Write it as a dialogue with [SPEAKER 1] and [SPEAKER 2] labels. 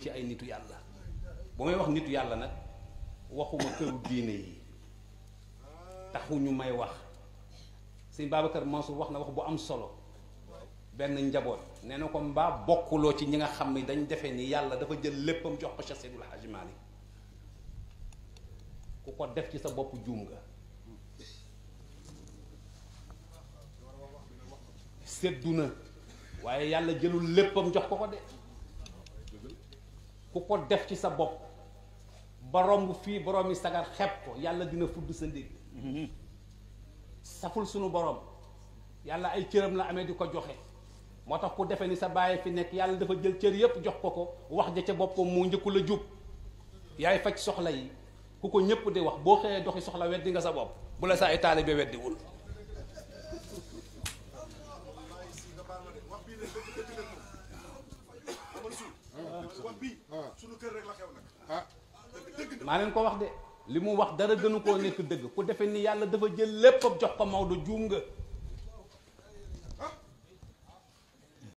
[SPEAKER 1] ci ay nitu yàlla bu may wax nitu yàlla nag waxuma këru diine yi ñu may wax sëñ Babacar Mansour wax na wax bu am solo benn njaboot nee na ko mbaa bokkuloo ci ñi nga xam ni dañ defe ni yàlla dafa jël léppam jox ko Cheikh Seydil Hadji Malick ku ko def ci sa bopp juum nga séddu na waaye yàlla jëlul léppam jox ko ko de ku ko def ci sa bopp ba romb fii borom yi sagar xepp ko yàlla dina fudd sa ndég saful sunu borom yàlla ay cëram la amee di ko joxe moo tax ku defe ni sa bàyyi fi nekk yàlla dafa jël cër yépp jox ko ko wax ja ca boppam moo njëkku la jub yaay faj soxla yi ku ñëpp di wax boo xëyee doxi soxla weddi nga sa bopp bu la sa ay taalibe weddiwul wax
[SPEAKER 2] bii ah. suñu kër rek la xew ah.
[SPEAKER 1] maa leen ko wax de li mu wax dara gënu koo nekk dëgg ku defe ni yàlla dafa jël lépp jox ko Maodo juum nga